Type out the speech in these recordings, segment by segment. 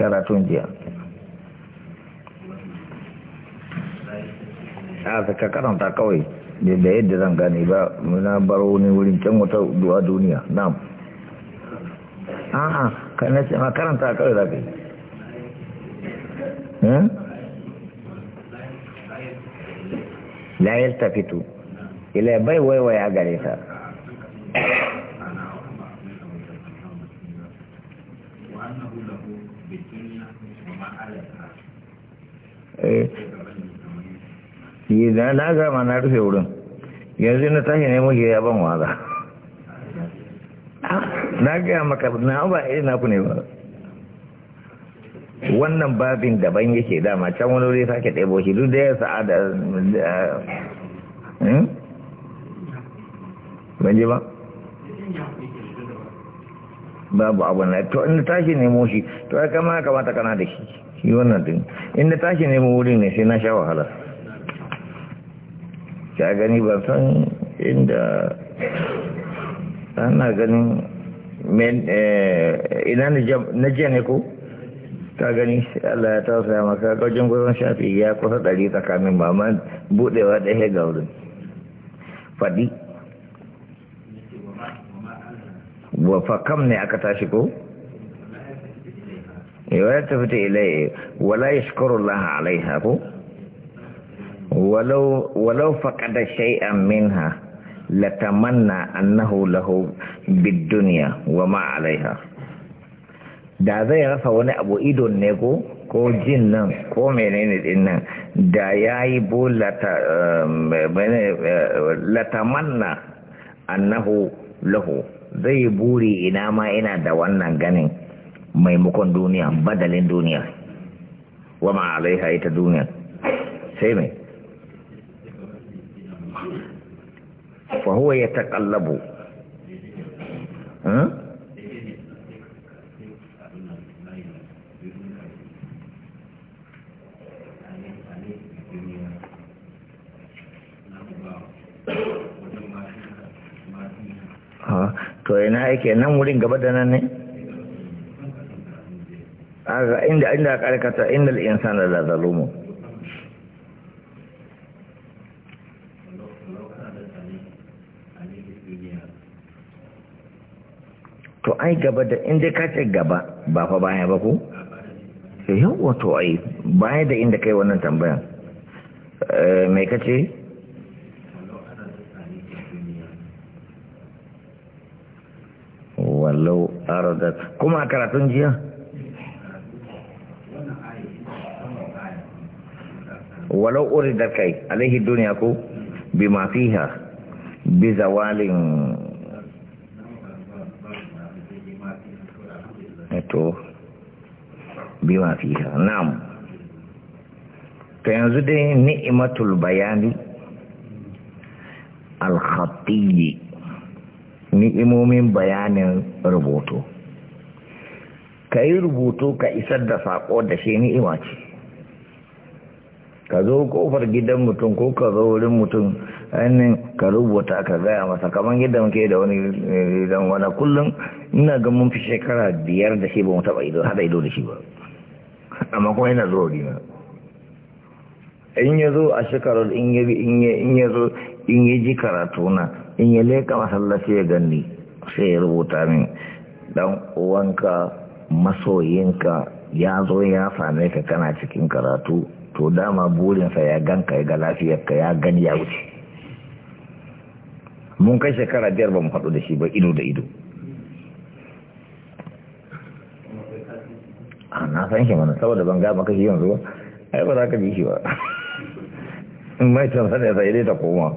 karatun jiya a ka karanta kawai da yadda zan gane ba muna baro wani wurin can wata duwa duniya nam ma karanta kawai za ka yi hmm? la yalta ila bai waiwaya gare ta yi na gama na rufe wurin yanzu na tashi ne muke ya ban waza na gaya maka na ba irin naku ne ba wannan babin daban yake dama can wani wuri sake ɗebo shi duk da ya sa'ada hmm? ban je ba babu abu na to inda tashi nemo shi to ya kama ya kamata kana da shi shi wannan din inda tashi ne nemo wurin ne sai na sha wahala ta gani ban san inda ana ganin eh, ina na jiya ko ta gani Allah ya tausaya maka gajin gwazon shafi ya kusa ɗari tsakanin maman buɗewa ɗaya ga wurin faɗi wafa kam ne aka tashi ko? yawon tafi ta ilaye wala ya shakaru laha alaiha ko? walau walau faqada shay'an minha latamanna annahu lahu bid dunya wa ma 'alayha da zai rasa wani abu idon ne ko ko jin nan ko menene din nan da yayi bo um, uh, latamanna annahu lahu zai buri ina ma ina da wannan ganin maimakon duniya badalin duniya wa ma alaiha ita duniya sai mai fa huwa yataqallabu ha to ina yake nan wurin gaba da nan ne inda inda karkata innal insana la zalumun to ai gaba da inda ka ce gaba ba fa baya ba ko eh, yau wato ai baya da inda kai wannan tambayan eh, mai ka ce wallau aradat kuma a karatun jiya walau da kai alaihi duniya ko bi mafiha bi zawalin to biwa na'am to yanzu dai ni'matul bayani al ni'imomin bayanin rubutu ka yi rubutu ka isar da saƙo da shi ni'ima ce ka zo kofar gidan mutum ko ka zo wurin mutum ainihin ka rubuta ka gaya masa kamar gidan ke da wani eh, gidan wani kullum ina ga mun fi shekara biyar da shi ba mu taɓa ido haɗa ido da shi ba amma kuma yana zuwa dina in ya zo a shekarar in ya in ya zo in ya ji karatu na in ya leka masallaci ya gani sai ya rubuta min dan uwanka masoyinka ya zo ya same ka kana cikin karatu to dama burinsa ya ganka ya ga lafiyarka ya gani ya wuce mun kai shekara biyar ba mu haɗu da shi ba ido da ido na san shi mana saboda ban ga maka shi yanzu ai ba za ka ji shi ba in mai sani da sai dai ta koma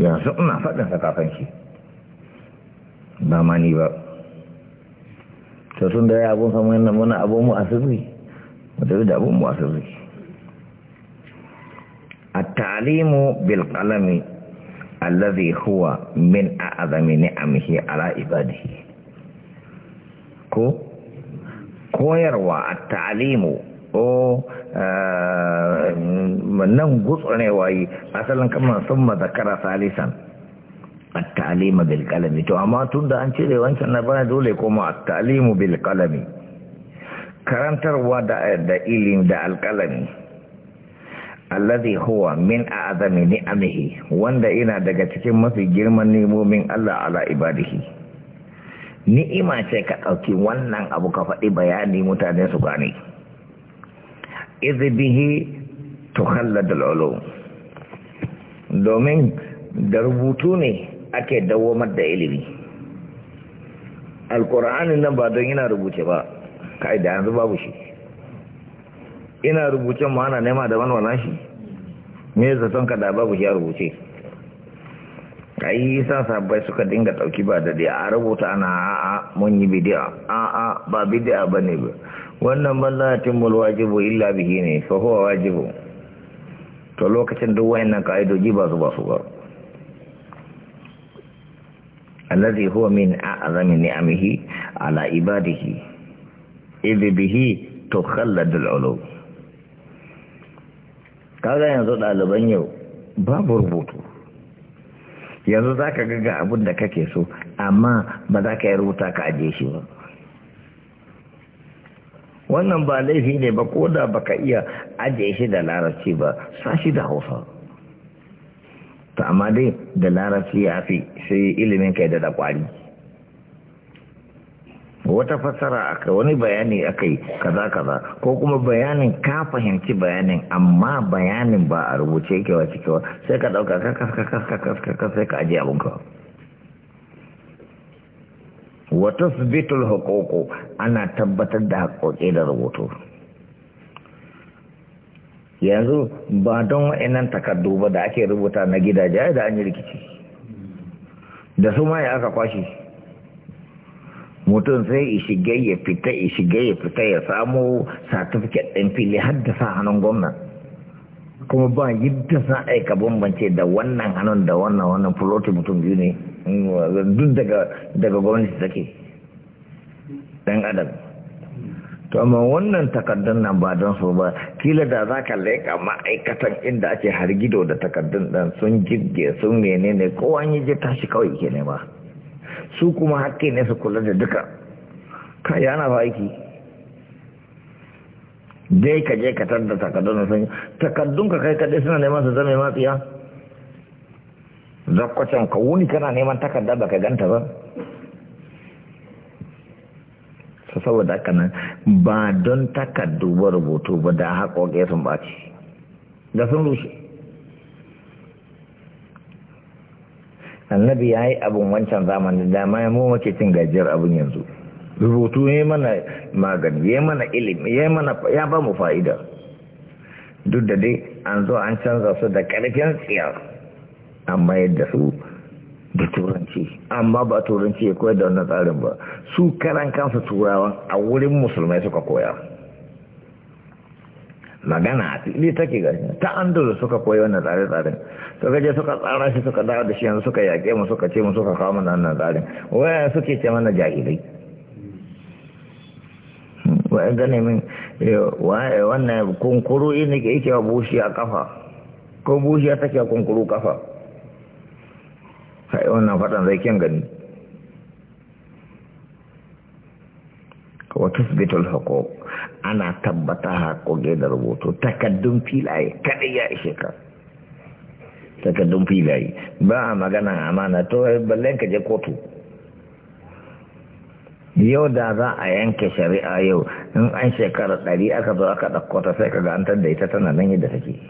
yanzu ina faɗin sa kafin shi ba ma ni ba to tun da ya abun samu yana muna abun mu wata yi da abun mu a sirri a talimu bil kalami allazi huwa min a a'zami amishi ala ibadihi ko koyarwa a ta'alimu ko eh, nan ne wayi asalin kama sun mazakara salisan a ta'alimu bilkalami to amma tun da an cire wancan na bana dole kuma a ta'alimu bilkalami karantarwa da ilimi da alkalami alladhi huwa min a'zami ni'amihi wanda ina daga cikin mafi girman nemomin Allah ala ibadihi ni'ima ce ka ɗauki wannan abu ka faɗi bayani mutane su gane izibihi da lolo domin da rubutu ne ake dawamar da ilimi alkur'ani nan ba don yana rubuce ba kai da yanzu babu shi ina rubuce ma'ana nema da wani wannan shi me zaton ka da babu shi a rubuce kai sa sabai suka dinga dauki ba dade a rubuta ana a'a mun yi bidi'a a'a ba bidi'a bane ba wannan ballatin mul wajibu illa bihi ne fa huwa wajibu to lokacin duk wayannan kaidoji ba su ba su ba allazi huwa min a'zami ni'amihi ala ibadihi idh bihi tukhalladul ulum kaga yanzu daliban yau babu rubutu yanzu za ka gaga abin da kake so amma ba za ka yi rubuta ka aje shi ba wannan ba laifi ne ba ko da ba ka iya aje shi da larabci ba sa shi da hausa ta amma dai da larabci ya fi sai ilimin kai da da kwari wata fassara aka wani bayani aka yi kaza kaza ko kuma bayanin ka fahimci bayanin amma bayanin ba a rubuce yake wa wa sai ka dauka kakakakakakakaka sai ka ajiye ka wata sabitul hukuku ana tabbatar da hakoki da rubutu yanzu ba don wa'annan takardu ba da ake rubuta na gidaje da an yi rikici da su ma ya aka kwashe mutum sai ishige ya fita ishige ya fita ya samu satifiket ɗin fili har da sa hannun gwamna kuma ba yadda za a bambance da wannan hannun da wannan wannan fuloti mutum biyu ne mm, duk daga gwamnati take ɗan adam to amma wannan takardun nan ba don so ba kila da za ka leƙa ma'aikatan inda ake hargido da takardun ɗan sun jirge sun menene kowa yi je tashi kawai ke ne ba su kuma hakki ne su kula da duka yi ana ba aiki dai ka je ka tarda takardun sun takardun ka kai kadai suna neman su zame matsiya zakwacin ka wuni kana neman takarda ka ganta ba saboda haka nan ba don takardu ba rubutu ba da haƙoƙe sun ce da sun rushe annabi ya yi abin wancan zamanin dama ya mu ke cin gajiyar abin yanzu rubutu ya mana magani ya mana ilimi ya mana ya ba mu fa'ida duk da dai an zo an canza su da karfin tsiyar amma yadda su da turanci amma ba turanci ya koyar da wannan tsarin ba su karan kansu turawan a wurin musulmai suka koya magana a fili take gani ta dole suka koyi wannan tsare-tsaren suka je suka tsara shi suka dawo da shi yanzu suka yaƙe mu suka ce mu suka kawo mana wannan tsarin waya suke ce mana jahilai waya gane min eh, wannan kunkuru ne ke yake wa bushi a kafa ko bushi take kunkuru kafa sai wannan fatan zai kyan gani wa tusbitul hakoku ana tabbata haƙoƙe da rubutu takaddun filaye kaɗai ya ishe ka takaddun filaye ba a magana amana to eh, ballen ka je kotu yau da za a yanke shari'a yau in an shekara ɗari aka zo aka dauko ta sai ka gantar da ita tana nan yadda take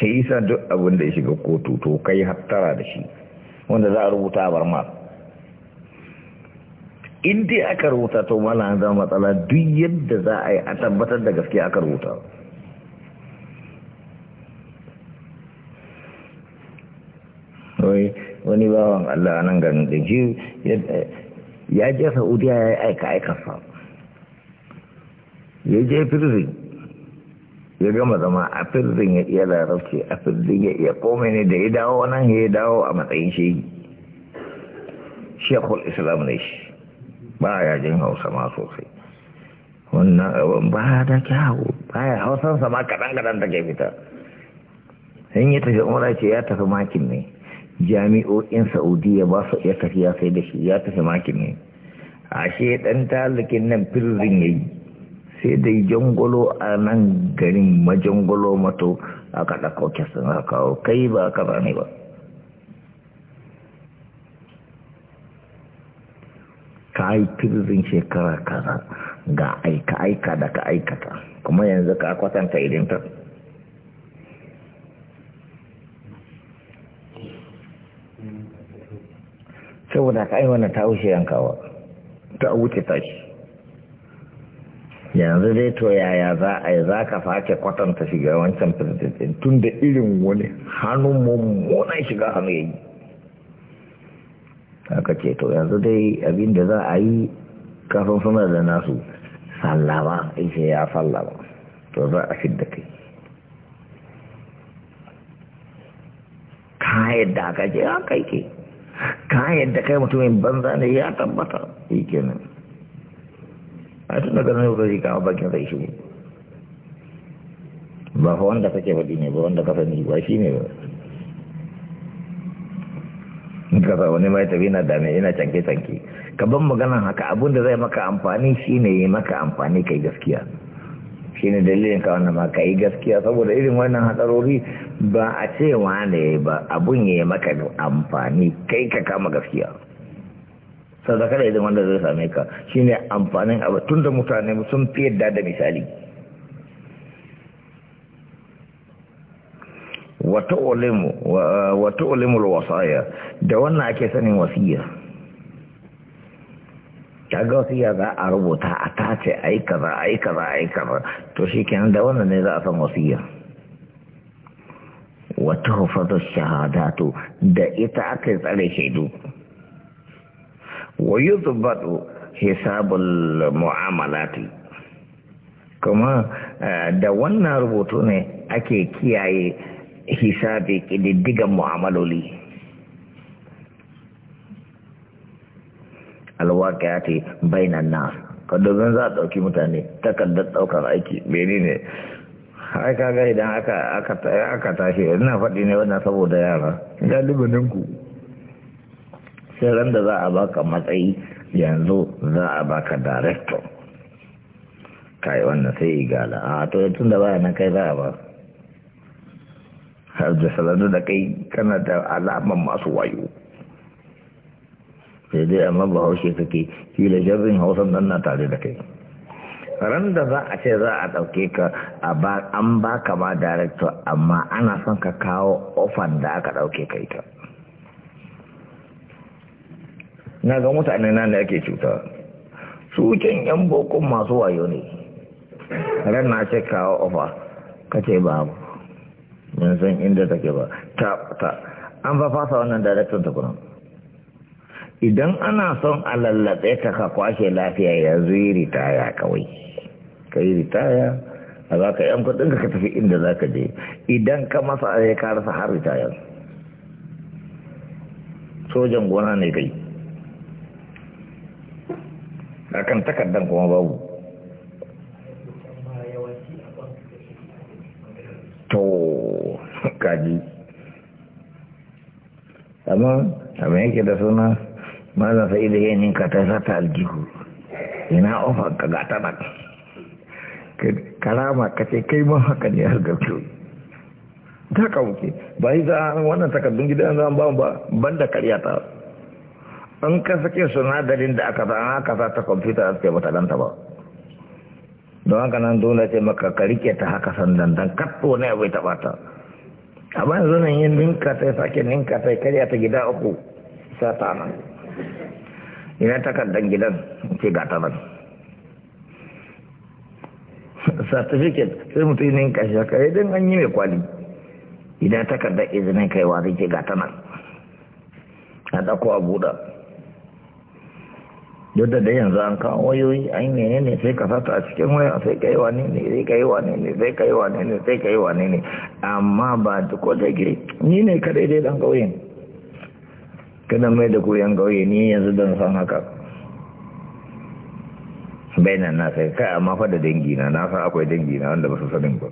sai isa duk abin da ya shiga kotu to kai hattara da shi wanda za a rubuta a mar. in dai aka rubuta to mala an zama matsala duk yadda za a yi a tabbatar da gaske aka rubuta wani bawan Allah nan ganin da ji ya je saudiya ya yi aika aikarsa ya je firzin ya gama zama a firzin ya iya larabci a firzin ya iya komai ne da ya dawo nan ya dawo a matsayin shehi shekul islam ne shi ba ya jin hausa ma sosai wannan ba da kyawu ba ya hausansa ma kaɗan-kaɗan take fita in yi tafi umara ce ya tafi makin ne jami'o'in saudiya ba su iya tafiya sai da shi ya tafi makin ne ashe ɗan talikin nan firzin ya yi sai da jangolo a nan garin majangolo mato aka ɗakauke sun kawo kai ba ka ba ne ba yi turzin shekara kaza ga aika-aika da ka aikata kuma yanzu ka kwatanta idan ta saboda ka aiwana ta wuce yankawa ta wuce tashi yanzu dai to yaya za a yi za ka fake kwatanta shiga wancan firzitin tun da irin wani hannun mummunan shiga hannu ya yi aka ce to yanzu dai abin da za a yi kafin suna da nasu sallama ishe ya sallama to za a fidda kai ka yadda aka ce ya kai ke ka yadda kai mutumin banza ne ya tabbata yi kenan a tun daga nan zai kawo bakin zai shi ba wanda kake faɗi ne ba wanda ka sani ba shi ne ba gaba wani mai tafi na dame ina canke canke ka ban maganan haka abun da zai maka amfani shine yi maka amfani kai gaskiya shine dalilin ka wannan maka yi gaskiya saboda irin wannan hatsarori ba a ce wane ba abun yayi maka amfani kai ka kama gaskiya sadaka da idan wanda zai same ka shine amfanin abu tunda mutane sun fi yadda da misali wa tu'limu wasaya da wannan ake sanin wasiya ga wasiya za a rubuta a tace ai kaza ai kaza ai kaza to kenan da wannan ne za a san wasiya wa shahada shahadatu da ita aka tsare shaidu wa yuzbatu hisabul mu'amalati kuma eh, da wannan rubutu ne ake kiyaye hisabi ƙididdigan mu'amaloli alwaƙa ce bainan nas kadobin za a ɗauki mutane takardar ɗaukar aiki beni ne aika ga idan aka tashi ina faɗi ne wannan saboda yara galibininku sai ran da za a baka matsayi yanzu za a baka director kai wannan sai igala a to tun da baya nan kai za a baka da sanadu da kai kana da alaman masu wayo sai dai amma ba haushe take kila jirgin hausan nan na tare da kai ran da za a ce za a ɗauke ka an ba ka ma director amma ana son ka kawo ofan da aka ɗauke ka ita na ga mutane nan da ake cuta su can yan bokun masu wayo ne ran na ce kawo ofa ka ce babu ban san inda take ba ta ta an fa fasa wannan daraktan ta kuma idan ana son a ta ka kwashe lafiya yanzu yi ritaya kawai ka ritaya a za ka yan kudin ka tafi inda za ka je idan ka masa a ka rasa har ritaya sojan gona ne kai akan takardan kuma babu to amma amma yake da suna malam sai da yanin ka ta sata aljihu ina ofar ka gata nan karama ka ce kai ma haka ne har gabto ta ka wuce ba yi za a wannan takardun gidan zan ba ba ban da karya ta an ka sake sunadarin da aka za aka za ta kwamfuta a suke mata danta ba don haka nan dole ce maka karike ta haka sandan dan katto ne abai taɓa ta amma yanzu nan yin ninka ta sake ninka ta karya ta gida uku sa ta nan ina takardar gidan ce ga ta nan certificate sai mutum ninka shi haka idan an yi mai kwali ina takardar izinin kaiwa zai ce ga ta nan a ɗauko a buɗa yadda da yanzu an kawo wayoyi an menene sai ka sata a cikin waya sai ka yi wane ne sai ka yi ne sai ka yi ne sai kaiwa ne ne amma ba da ko da ni ne kadai dai dan gauyen kada mai da koyan ƙauye ni yanzu don san haka bainan na sai kai amma fa da dangi na na san akwai dangi na wanda ba su sanin ba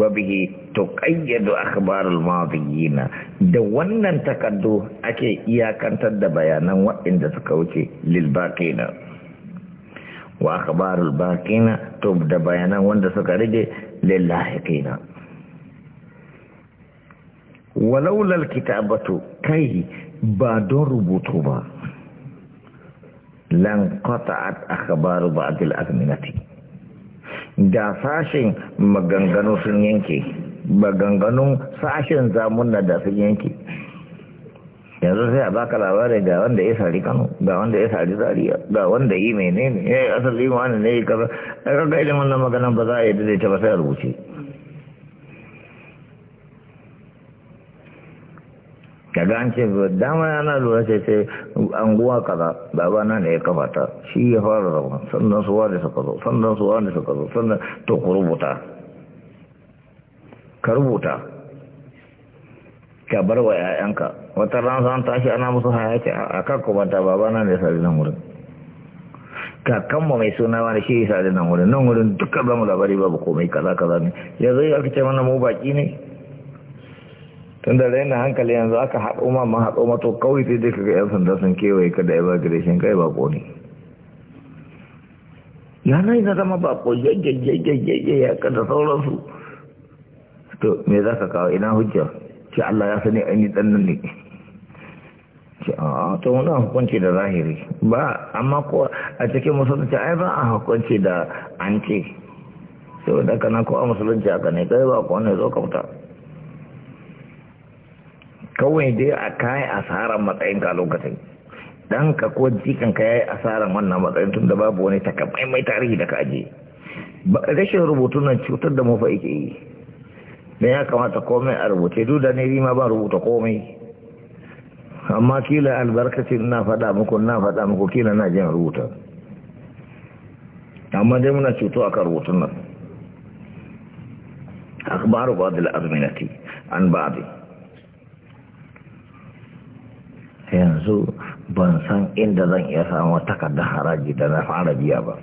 wa bihi tuqayyadu akhbarul madiyina da wannan takaddu ake iyakantar da bayanan waɗanda suka wuce lil baqina wa akhbarul baqina to da bayanan wanda suka rage للاحقين ولولا الكتابة كي بادون ربوطهما لانقطعت أخبار بعض الأزمنة da sashen maganganu sun yanke maganganun sashen zamun da sun yanke yanzu sai a baka labari ga wanda ya sari kano ga wanda ya sari zariya ga wanda yi menene ya eh, yi asali wani ne ya kaza a kaga ilimin wannan maganan ba za a yi daidaita ba sai a rubuce kaga an ce dama yana lura ce ce an guwa kaza baba na ne ya kamata shi ya fara zama sannan suwa wani suka zo sannan suwa wani suka zo sannan to ku rubuta ka rubuta ka bar wa ƴaƴanka wata ran an tashi ana musu ce a kan banta ta babana ne sadi nan wurin mu mai suna wani shi isa da nan wurin nan wurin dukkan zamu labari babu komai kaza kaza ne yanzu ya aka ce mana mu baki ne tun da raina hankali yanzu aka haɗo ma ma haɗo ma to kawai sai dai kaga yan sanda sun kewaye ka da immigration kai ko ne ya nan ina zama bako yayyayyayyayya ya ka da sauransu to me za ka kawo ina hujja ce Allah ya sani ainihin ɗan nan ne ce a ta wani hukunci da zahiri ba amma ko a cikin musulunci ai ba a hukunci da an ce da kana ko a musulunci aka ne kai ba ko wani zo kauta kawai dai a kayi asarar matsayin ka lokacin dan ka ko jikan ka yayi asarar wannan matsayin tun da babu wani mai tarihi da ka aje rashin rubutun nan cutar da mu fa yake yi da ya kamata komai a rubuce duk da ne ma ba rubuta komai amma kila albarkaci na faɗa muku na faɗa muku kila na jin rubuta amma dai muna cuto akan rubutun nan akbaru ba da azminati an ba yanzu ban san inda zan iya samu takardar haraji da na fara biya ba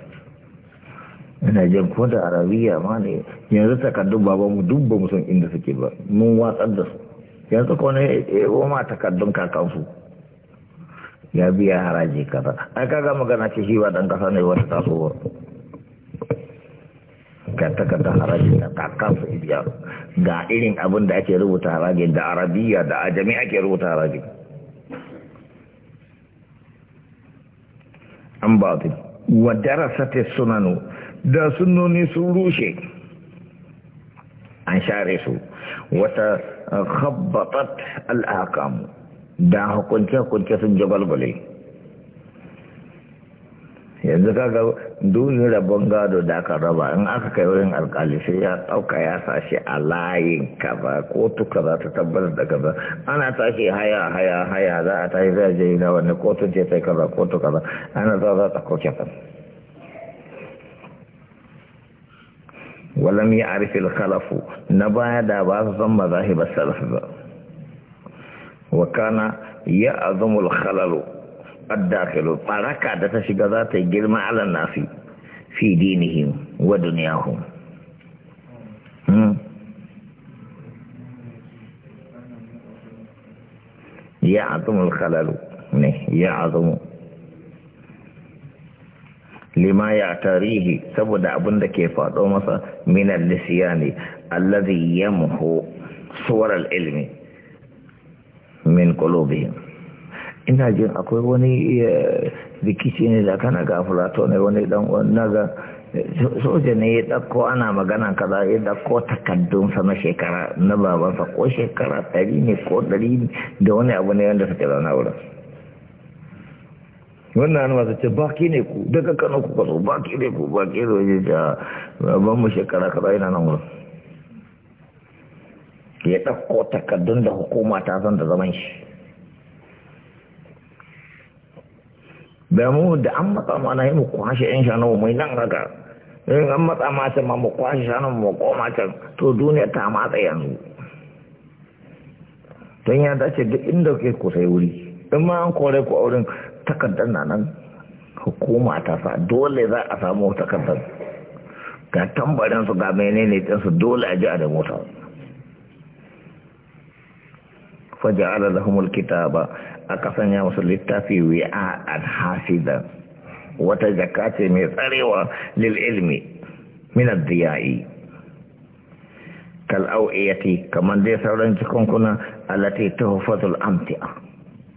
ina jan ko da arabiya ma ne yanzu takardun baban mu dubba ba mu san inda suke ba mun watsar da su yanzu ko ne yi ma takardun kakansu ya biya haraji kaza ai kaga magana ce shi ba dan kasa ne wata tasowar ga takardar haraji na kakansu ibiya ga irin abin da ake rubuta haraji da arabiya da ajami ake rubuta haraji an ba wa ta sunanu da sunnoni sun rushe an share su wata uh, khabbatat al'akamu da hukunce-hukunce sun jabalbale yanzu kaga duni rabon gado da aka raba in aka kai wurin alkali sai ya tsauka ya sashi a layin kaza kotu za ta tabbatar da gaba ana tashi haya haya haya za a tashi zai je na wani kotu ce sai kaza kotu ba ana za za ta ولم يعرف الخلف نبادا بعض مذاهب السلف وكان يعظم الخلل الداخل فركع تشيغ شقذات جرم على الناس في دينهم ودنياهم يعظم الخلل يعظم lima ya tarihi saboda abin da ke faɗo masa minar lisiyani allazi yamhu suwar ilmi min kolobihim ina jin akwai wani eh, rikici ne da kana ga fulato ne wani dan naga eh, soja ne ya ɗauko ana magana kaza ya ɗauko takaddunsa na shekara na babansa ko shekara ɗari ne ko ɗari da wani abu ne wanda suke zauna wurin wannan masu ce baki ne ku daga kano ku kwaso baki ne ku baki ne waje ja ban mu shekara kaza ina nan wurin ya ɗauko takardun da hukuma ta san da zaman shi da mu da an matsa ma na yi mu kwashe yan shanu mai nan raga in an matsa ma ta ma mu kwashe shanu mu koma can to duniya ta matsa yanzu don ya dace duk inda ke ku sai wuri in ma an kore ku a wurin takardar na nan hukuma ta sa dole za a samu takardar ga tambarin su ga menene su dole a ji a da mota faja'ala ba a kasan ya musu littafi wi'a a hafida wata jaka ce mai tsarewa lil ilmi min ad-diya'i kal dai sauran dai sauran alati allati tuhfatul amti'a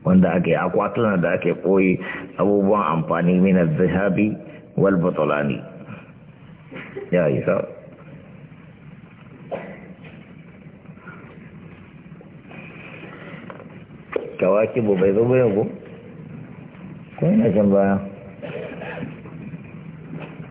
wanda ake akwatuna da ake koyi abubuwan amfani mina zahabi wal batulani ya yi sa kawaki bu bai zo bayan ku? ko yana can baya